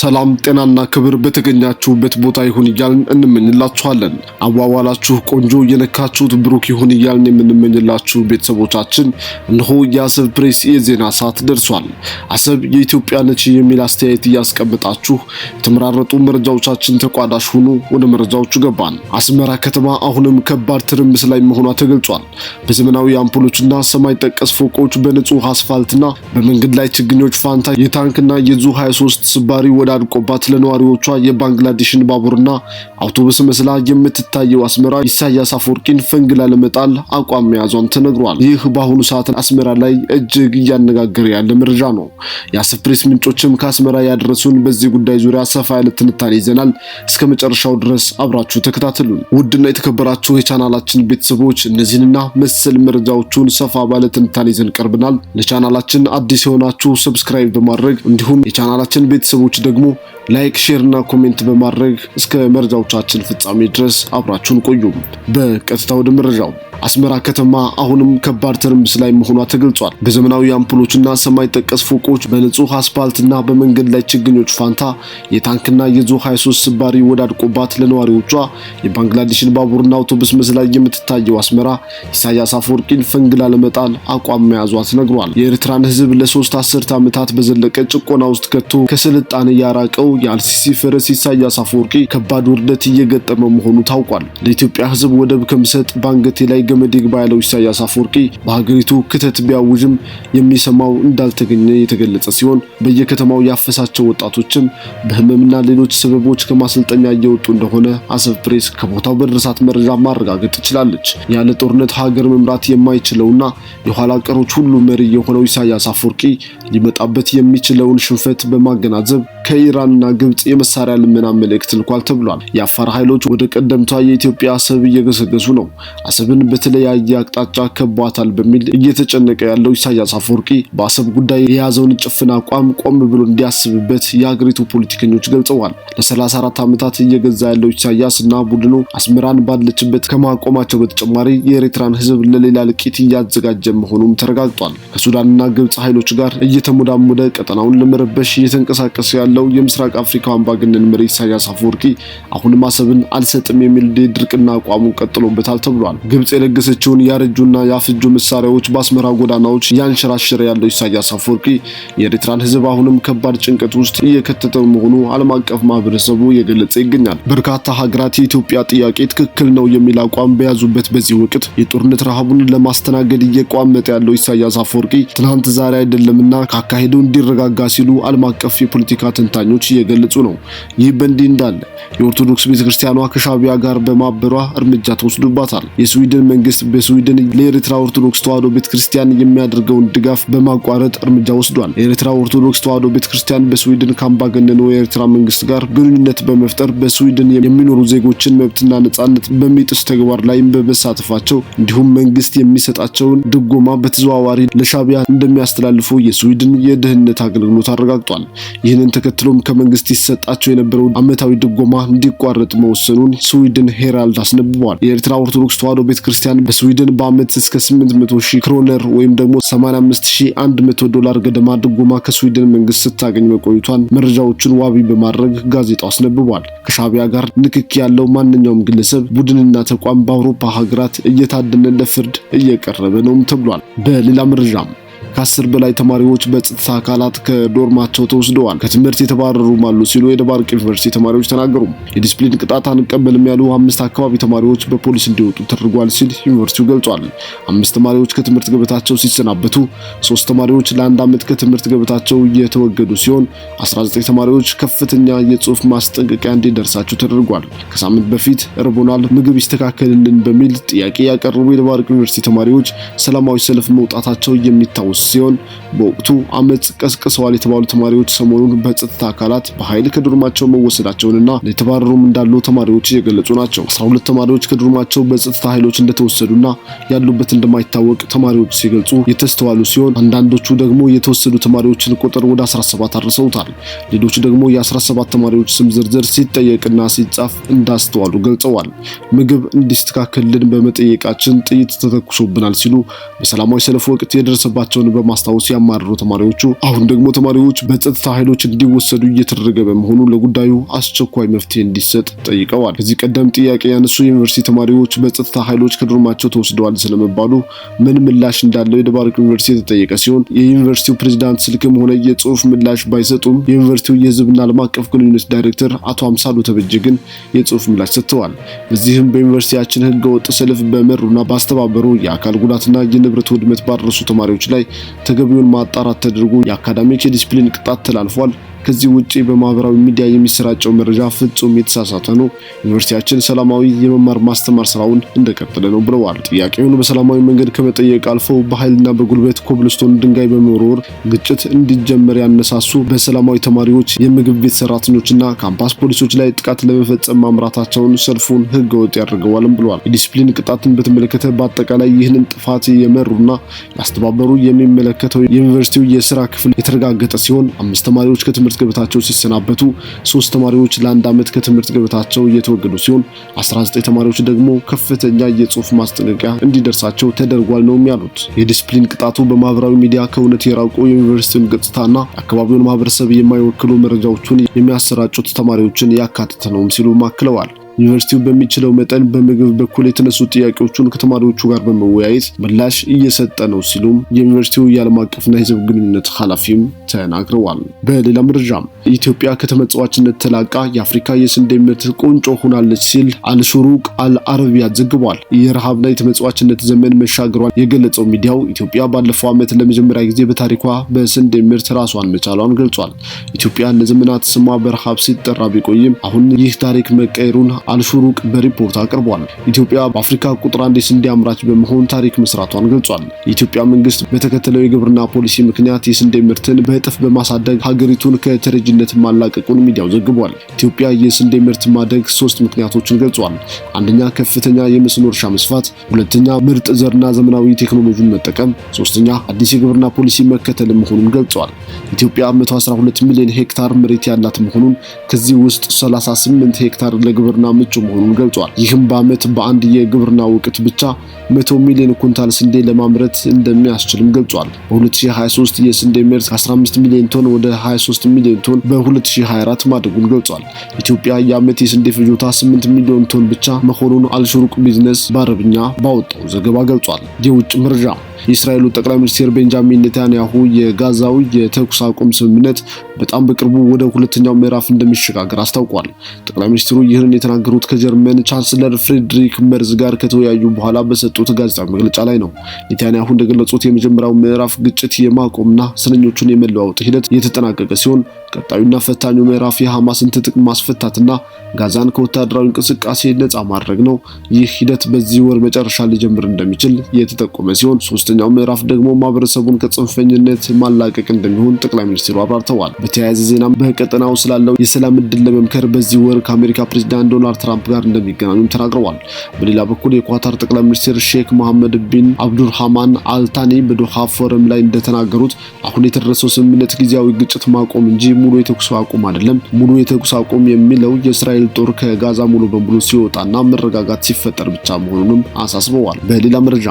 ሰላም ጤናና ክብር በተገኛችሁበት ቦታ ይሁን እያልን እንመኝላችኋለን። አዋዋላችሁ ቆንጆ የነካችሁት ብሩክ ይሁን እያልን የምንመኝላችሁ ቤተሰቦቻችን እነሆ የአሰብ ፕሬስ የዜና ሰዓት ደርሷል። አሰብ የኢትዮጵያ ነች የሚል አስተያየት እያስቀመጣችሁ የተመራረጡ መረጃዎቻችን ተቋዳሽ ሆኑ። ወደ መረጃዎቹ ገባን። አስመራ ከተማ አሁንም ከባድ ትርምስ ላይ መሆኗ ተገልጿል። በዘመናዊ አምፖሎችና ሰማይ ጠቀስ ፎቆች በንጹህ አስፋልትና በመንገድ ላይ ችግኞች ፋንታ የታንክና የዙ 23 ስባሪ ወዳድቆባት ለነዋሪዎቿ የባንግላዴሽን ባቡርና አውቶቡስ መስላ የምትታየው አስመራ ኢሳያስ አፈወርቂን ፈንግላ ለመጣል አቋም መያዟም ተነግሯል። ይህ በአሁኑ ሰዓት አስመራ ላይ እጅግ እያነጋገረ ያለ መረጃ ነው። የአሰብ ፕሬስ ምንጮችም ከአስመራ ያደረሱን በዚህ ጉዳይ ዙሪያ ሰፋ ያለ ትንታኔ ይዘናል። እስከ መጨረሻው ድረስ አብራችሁ ተከታተሉ። ውድና የተከበራችሁ የቻናላችን ቤተሰቦች እነዚህንና መሰል መረጃዎቹን ሰፋ ባለ ትንታኔ ይዘን ቀርበናል። ለቻናላችን አዲስ የሆናችሁ ሰብስክራይብ በማድረግ እንዲሁም የቻናላችን ቤተሰቦች ደግሞ siglo ላይክ፣ ሼር እና ኮሜንት በማድረግ እስከ መረጃዎቻችን ፍጻሜ ድረስ አብራችሁን ቆዩ። በቀጥታ ወደ መረጃው አስመራ ከተማ አሁንም ከባድ ትርምስ ላይ መሆኗ ተገልጿል። በዘመናዊ አምፖሎችና ሰማይ ጠቀስ ፎቆች በንጹህ አስፋልትና በመንገድ ላይ ችግኞች ፋንታ የታንክና የዙ 23 ስባሪ ወዳድቆባት ለነዋሪዎቿ የባንግላዴሽን ባቡርና አውቶቡስ መስላ የምትታየው አስመራ ኢሳያስ አፈወርቂን ፈንግላ ለመጣል አቋም መያዟ ተነግሯል። የኤርትራን ሕዝብ ለሶስት አስርት ዓመታት በዘለቀ ጭቆና ውስጥ ከቶ ከስልጣኔ ያራቀው የአልሲሲ ፈረስ ኢሳያስ አፈወርቂ ከባድ ውርደት እየገጠመ መሆኑ ታውቋል። ለኢትዮጵያ ሕዝብ ወደብ ከምሰጥ በአንገቴ ላይ ገመድ ይግባ ያለው ኢሳያስ አፈወርቂ በሀገሪቱ ክተት ቢያውጅም የሚሰማው እንዳልተገኘ የተገለጸ ሲሆን በየከተማው ያፈሳቸው ወጣቶችም በህመምና ሌሎች ሰበቦች ከማሰልጠኛ እየወጡ እንደሆነ አሰብ ፕሬስ ከቦታው በደረሳት መረጃ ማረጋገጥ ትችላለች። ያለ ጦርነት ሀገር መምራት የማይችለውና የኋላ ቀሮች ሁሉ መሪ የሆነው ኢሳያስ አፈወርቂ ሊመጣበት የሚችለውን ሽንፈት በማገናዘብ ከኢራንና ግብጽ የመሳሪያ ልመና መልእክት ልኳል ተብሏል። የአፋር ኃይሎች ወደ ቀደምቷ የኢትዮጵያ አሰብ እየገሰገሱ ነው። አሰብን በተለያየ አቅጣጫ ከቧታል በሚል እየተጨነቀ ያለው ኢሳያስ አፈወርቂ በአሰብ ጉዳይ የያዘውን ጭፍን አቋም ቆም ብሎ እንዲያስብበት የአገሪቱ ፖለቲከኞች ገልጸዋል። ለ34 ዓመታት እየገዛ ያለው ኢሳያስ እና ቡድኑ አስመራን ባለችበት ከማቆማቸው በተጨማሪ የኤርትራን ሕዝብ ለሌላ እልቂት እያዘጋጀ መሆኑም ተረጋግጧል። ከሱዳንና ግብጽ ኃይሎች ጋር እየተሞዳሞደ ቀጠናውን ለመረበሽ እየተንቀሳቀሰ ያለው የምስራቅ አፍሪካው አምባገነን መሪ ኢሳያስ አፈወርቂ አሁንም አሰብን አልሰጥም የሚል ድርቅና አቋሙን ቀጥሎበታል ተብሏል። ግብጽ የለገሰችውን ያረጁና ያፈጁ መሳሪያዎች በአስመራ ጎዳናዎች ያንሸራሸረ ያለው ኢሳያስ አፈወርቂ የኤርትራን ሕዝብ አሁንም ከባድ ጭንቀት ውስጥ እየከተተው መሆኑ ዓለም አቀፍ ማህበረሰቡ እየገለጸ ይገኛል። በርካታ ሀገራት የኢትዮጵያ ጥያቄ ትክክል ነው የሚል አቋም በያዙበት በዚህ ወቅት የጦርነት ረሃቡን ለማስተናገድ እየቋመጠ ያለው ኢሳያስ አፈወርቂ ትናንት ዛሬ አይደለምና ካካሄደው እንዲረጋጋ ሲሉ ዓለም አቀፍ የፖለቲካ ተንታኞች እየገለጹ ነው። ይህ በእንዲህ እንዳለ የኦርቶዶክስ ቤተክርስቲያኗ ከሻቢያ ጋር በማበሯ እርምጃ ተወስዶባታል። የስዊድን መንግስት በስዊድን ለኤርትራ ኦርቶዶክስ ተዋሕዶ ቤተክርስቲያን የሚያደርገውን ድጋፍ በማቋረጥ እርምጃ ወስዷል። የኤርትራ ኦርቶዶክስ ተዋሕዶ ቤተክርስቲያን በስዊድን ከአምባገነኑ የኤርትራ መንግስት ጋር ግንኙነት በመፍጠር በስዊድን የሚኖሩ ዜጎችን መብትና ነጻነት በሚጥስ ተግባር ላይም በመሳተፋቸው እንዲሁም መንግስት የሚሰጣቸውን ድጎማ በተዘዋዋሪ ለሻቢያ እንደሚያስተላልፉ የስዊድን የደህንነት አገልግሎት አረጋግጧል። ይህንን ተከትሎም ከመንግስት መንግስት ይሰጣቸው የነበረው ዓመታዊ ድጎማ እንዲቋረጥ መወሰኑን ስዊድን ሄራልድ አስነብቧል። የኤርትራ ኦርቶዶክስ ተዋሕዶ ቤተ ክርስቲያን በስዊድን በዓመት እስከ 800 ሺህ ክሮነር ወይም ደግሞ 85100 ዶላር ገደማ ድጎማ ከስዊድን መንግስት ስታገኝ መቆይቷን መረጃዎቹን ዋቢ በማድረግ ጋዜጣው አስነብቧል። ከሻቢያ ጋር ንክኪ ያለው ማንኛውም ግለሰብ ቡድንና ተቋም በአውሮፓ ሀገራት እየታደነ ለፍርድ እየቀረበ ነውም ተብሏል። በሌላ መረጃም ከአስር በላይ ተማሪዎች በጸጥታ አካላት ከዶርማቸው ተወስደዋል፣ ከትምህርት የተባረሩም አሉ ሲሉ የደባርቅ ዩኒቨርሲቲ ተማሪዎች ተናገሩ። የዲስፕሊን ቅጣት አንቀበልም ያሉ አምስት አካባቢ ተማሪዎች በፖሊስ እንዲወጡ ተደርጓል ሲል ዩኒቨርሲቲው ገልጿል። አምስት ተማሪዎች ከትምህርት ገበታቸው ሲሰናበቱ፣ ሶስት ተማሪዎች ለአንድ ዓመት ከትምህርት ገበታቸው እየተወገዱ ሲሆን 19 ተማሪዎች ከፍተኛ የጽሑፍ ማስጠንቀቂያ እንዲደርሳቸው ተደርጓል። ከሳምንት በፊት እርቦናል፣ ምግብ ይስተካከልልን በሚል ጥያቄ ያቀረቡ የደባርቅ ዩኒቨርሲቲ ተማሪዎች ሰላማዊ ሰልፍ መውጣታቸው የሚታወስ ሲሆን በወቅቱ አመጽ ቀስቅሰዋል የተባሉ ተማሪዎች ሰሞኑን በጸጥታ አካላት በኃይል ከዱርማቸው መወሰዳቸውንና ለተባረሩም እንዳሉ ተማሪዎች እየገለጹ ናቸው። 12 ተማሪዎች ከዱርማቸው በጸጥታ ኃይሎች እንደተወሰዱና ያሉበት እንደማይታወቅ ተማሪዎች ሲገልጹ የተስተዋሉ ሲሆን አንዳንዶቹ ደግሞ የተወሰዱ ተማሪዎችን ቁጥር ወደ 17 አድርሰውታል። ሌሎቹ ደግሞ የ17 ተማሪዎች ስም ዝርዝር ሲጠየቅና ሲጻፍ እንዳስተዋሉ ገልጸዋል። ምግብ እንዲስተካከልን በመጠየቃችን ጥይት ተተኩሶብናል ሲሉ በሰላማዊ ሰልፍ ወቅት የደረሰባቸውን መሆኑን በማስታወስ ያማረሩ ተማሪዎቹ አሁን ደግሞ ተማሪዎች በጸጥታ ኃይሎች እንዲወሰዱ እየተደረገ በመሆኑ ለጉዳዩ አስቸኳይ መፍትሄ እንዲሰጥ ጠይቀዋል። ከዚህ ቀደም ጥያቄ ያነሱ የዩኒቨርሲቲ ተማሪዎች በጸጥታ ኃይሎች ከዶርማቸው ተወስደዋል ስለመባሉ ምን ምላሽ እንዳለው የደባርቅ ዩኒቨርሲቲ የተጠየቀ ሲሆን የዩኒቨርሲቲው ፕሬዚዳንት ስልክም ሆነ የጽሁፍ ምላሽ ባይሰጡም የዩኒቨርሲቲው የህዝብና ዓለም አቀፍ ግንኙነት ዳይሬክተር አቶ አምሳሉ ተበጀ ግን የጽሁፍ ምላሽ ሰጥተዋል። በዚህም በዩኒቨርሲቲያችን ህገወጥ ሰልፍ በመሩና ባስተባበሩ የአካል ጉዳትና የንብረት ውድመት ባደረሱ ተማሪዎች ላይ ተገቢውን ማጣራት ተደርጎ የአካዳሚዎች የዲስፕሊን ቅጣት ተላልፏል። ከዚህ ውጪ በማህበራዊ ሚዲያ የሚሰራጨው መረጃ ፍጹም የተሳሳተ ነው። ዩኒቨርሲቲያችን ሰላማዊ የመማር ማስተማር ስራውን እንደቀጠለ ነው ብለዋል። ጥያቄውን በሰላማዊ መንገድ ከመጠየቅ አልፎ በኃይልና በጉልበት ኮብልስቶን ድንጋይ በመወርወር ግጭት እንዲጀመር ያነሳሱ በሰላማዊ ተማሪዎች፣ የምግብ ቤት ሰራተኞችና ካምፓስ ፖሊሶች ላይ ጥቃት ለመፈጸም ማምራታቸውን ሰልፉን ህገወጥ ያደርገዋልም ብለዋል። የዲስፕሊን ቅጣትን በተመለከተ በአጠቃላይ ይህንን ጥፋት የመሩና ያስተባበሩ የሚመለከተው የዩኒቨርሲቲው የስራ ክፍል የተረጋገጠ ሲሆን አምስት ተማሪዎች ከትምህርት ከትምህርት ገበታቸው ሲሰናበቱ ሶስት ተማሪዎች ለአንድ ዓመት ከትምህርት ገበታቸው እየተወገዱ ሲሆን 19 ተማሪዎች ደግሞ ከፍተኛ የጽሁፍ ማስጠንቀቂያ እንዲደርሳቸው ተደርጓል ነው ያሉት። የዲስፕሊን ቅጣቱ በማህበራዊ ሚዲያ ከእውነት የራቁ የዩኒቨርሲቲውን ገጽታና አካባቢውን ማህበረሰብ የማይወክሉ መረጃዎቹን የሚያሰራጩት ተማሪዎችን ያካትተ ነው ሲሉ ማክለዋል። ዩኒቨርሲቲው በሚችለው መጠን በምግብ በኩል የተነሱ ጥያቄዎቹን ከተማሪዎቹ ጋር በመወያየት ምላሽ እየሰጠ ነው ሲሉም የዩኒቨርሲቲው የዓለም አቀፍና የሕዝብ ግንኙነት ኃላፊም ተናግረዋል። በሌላ መረጃም ኢትዮጵያ ከተመጽዋችነት ተላቃ የአፍሪካ የስንዴ ምርት ቁንጮ ሆናለች ሲል አልሹሩቅ አልአረቢያ ዘግቧል። የረሃብና የተመጽዋችነት ዘመን መሻገሯን የገለጸው ሚዲያው ኢትዮጵያ ባለፈው ዓመት ለመጀመሪያ ጊዜ በታሪኳ በስንዴ ምርት ራሷን መቻሏን ገልጿል። ኢትዮጵያ ለዘመናት ስሟ በረሃብ ሲጠራ ቢቆይም አሁን ይህ ታሪክ መቀየሩን አልሹሩቅ በሪፖርት አቅርቧል። ኢትዮጵያ በአፍሪካ ቁጥር አንድ የስንዴ አምራች በመሆን ታሪክ መስራቷን ገልጿል። የኢትዮጵያ መንግስት በተከተለው የግብርና ፖሊሲ ምክንያት የስንዴ ምርትን በእጥፍ በማሳደግ ሀገሪቱን ከተረጅነት ማላቀቁን ሚዲያው ዘግቧል። ኢትዮጵያ የስንዴ ምርት ማደግ ሶስት ምክንያቶችን ገልጿል። አንደኛ ከፍተኛ የመስኖ እርሻ መስፋት፣ ሁለተኛ ምርጥ ዘርና ዘመናዊ ቴክኖሎጂን መጠቀም፣ ሶስተኛ አዲስ የግብርና ፖሊሲ መከተል መሆኑን ገልጿል። ኢትዮጵያ 112 ሚሊዮን ሄክታር መሬት ያላት መሆኑን ከዚህ ውስጥ 38 ሄክታር ለግብርና ምቹ መሆኑን ገልጿል። ይህም በዓመት በአንድ የግብርና ወቅት ብቻ 100 ሚሊዮን ኩንታል ስንዴ ለማምረት እንደሚያስችልም ገልጿል። በ2023 የስንዴ ምርት 15 ሚሊዮን ቶን ወደ 23 ሚሊዮን ቶን በ2024 ማደጉን ገልጿል። ኢትዮጵያ የዓመት የስንዴ ፍጆታ 8 ሚሊዮን ቶን ብቻ መሆኑን አልሽሩቅ ቢዝነስ በአረብኛ ባወጣው ዘገባ ገልጿል። የውጭ መረጃ የእስራኤሉ ጠቅላይ ሚኒስትር ቤንጃሚን ኔታንያሁ የጋዛው የተኩስ አቁም ስምምነት በጣም በቅርቡ ወደ ሁለተኛው ምዕራፍ እንደሚሸጋገር አስታውቋል። ጠቅላይ ሚኒስትሩ ይህንን የተናገሩት ከጀርመን ቻንስለር ፍሬድሪክ መርዝ ጋር ከተወያዩ በኋላ በሰጡት ጋዜጣዊ መግለጫ ላይ ነው። ኔታንያሁ እንደገለጹት የመጀመሪያው ምዕራፍ ግጭት የማቆምና እስረኞቹን የመለዋወጥ ሂደት የተጠናቀቀ ሲሆን ቀጣዩና ፈታኙ ምዕራፍ የሐማስን ትጥቅ ማስፈታትና ጋዛን ከወታደራዊ እንቅስቃሴ ነፃ ማድረግ ነው። ይህ ሂደት በዚህ ወር መጨረሻ ሊጀምር እንደሚችል የተጠቆመ ሲሆን ሶስተኛው ምዕራፍ ደግሞ ማህበረሰቡን ከጽንፈኝነት ማላቀቅ እንደሚሆን ጠቅላይ ሚኒስትሩ አብራርተዋል። በተያያዘ ዜና በቀጠናው ስላለው የሰላም እድል ለመምከር በዚህ ወር ከአሜሪካ ፕሬዚዳንት ዶናልድ ትራምፕ ጋር እንደሚገናኙም ተናግረዋል። በሌላ በኩል የኳታር ጠቅላይ ሚኒስትር ሼክ መሐመድ ቢን አብዱርሃማን አልታኒ በዶሃ ፎረም ላይ እንደተናገሩት አሁን የተደረሰው ስምምነት ጊዜያዊ ግጭት ማቆም እንጂ ሙሉ የተኩስ አቁም አይደለም። ሙሉ የተኩስ አቁም የሚለው የእስራኤል ጦር ከጋዛ ሙሉ በሙሉ ሲወጣና መረጋጋት ሲፈጠር ብቻ መሆኑንም አሳስበዋል። በሌላ መረጃ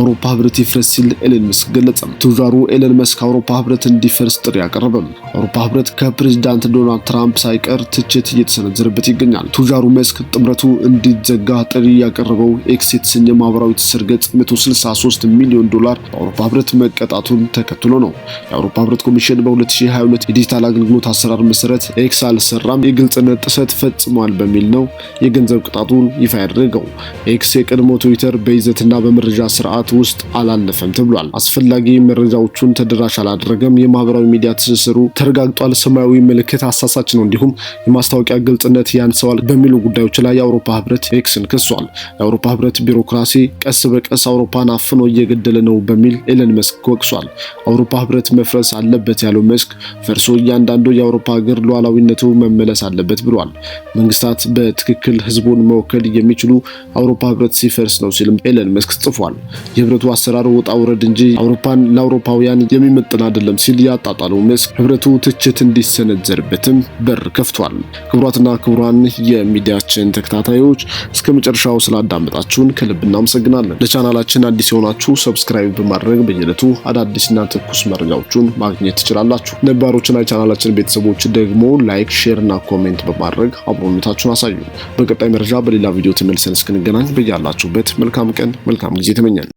አውሮፓ ህብረት ይፍረስ ሲል ኤለን መስክ ገለጸ። ቱጃሩ ኤለን መስክ አውሮፓ ህብረት እንዲፈርስ ጥሪ አቀረበም። አውሮፓ ህብረት ከፕሬዚዳንት ዶናልድ ትራምፕ ሳይቀር ትችት እየተሰነዘረበት ይገኛል። ቱጃሩ መስክ ጥምረቱ እንዲዘጋ ጥሪ ያቀረበው ኤክስ የተሰኘ ማህበራዊ ትስስር ገጽ 163 ሚሊዮን ዶላር በአውሮፓ ህብረት መቀጣቱን ተከትሎ ነው። የአውሮፓ ህብረት ኮሚሽን በ2022 የዲጂታል አገልግሎት አሰራር መሰረት ኤክስ አልሰራም፣ የግልጽነት ጥሰት ፈጽሟል በሚል ነው የገንዘብ ቅጣቱን ይፋ ያደረገው። ኤክስ የቀድሞ ትዊተር በይዘትና በመረጃ ስርዓት ሰዓት ውስጥ አላለፈም ተብሏል። አስፈላጊ መረጃዎቹን ተደራሽ አላደረገም፣ የማህበራዊ ሚዲያ ትስስሩ ተረጋግጧል፣ ሰማያዊ ምልክት አሳሳች ነው፣ እንዲሁም የማስታወቂያ ግልጽነት ያንሰዋል በሚሉ ጉዳዮች ላይ የአውሮፓ ህብረት ኤክስን ከሷል። የአውሮፓ ህብረት ቢሮክራሲ ቀስ በቀስ አውሮፓን አፍኖ እየገደለ ነው በሚል ኤለን መስክ ወቅሷል። አውሮፓ ህብረት መፍረስ አለበት ያለው መስክ ፈርሶ እያንዳንዱ የአውሮፓ ሀገር ሉዓላዊነቱ መመለስ አለበት ብሏል። መንግስታት በትክክል ህዝቡን መወከል የሚችሉ አውሮፓ ህብረት ሲፈርስ ነው ሲልም ኤለን መስክ ጽፏል። የህብረቱ አሰራር ወጣ ውረድ እንጂ አውሮፓን ለአውሮፓውያን የሚመጥን አይደለም ሲል ያጣጣለው መስክ ህብረቱ ትችት እንዲሰነዘርበትም በር ከፍቷል። ክቡራትና ክቡራን የሚዲያችን ተከታታዮች እስከ መጨረሻው ስላዳመጣችሁን ከልብ እናመሰግናለን። ለቻናላችን አዲስ የሆናችሁ ሰብስክራይብ በማድረግ በየዕለቱ አዳዲስና ትኩስ መረጃዎችን ማግኘት ትችላላችሁ። ነባሮችና የቻናላችን ቤተሰቦች ደግሞ ላይክ፣ ሼር እና ኮሜንት በማድረግ አብሮነታችሁን አሳዩ። በቀጣይ መረጃ በሌላ ቪዲዮ ተመልሰን እስክንገናኝ በያላችሁበት መልካም ቀን መልካም ጊዜ ተመኛል።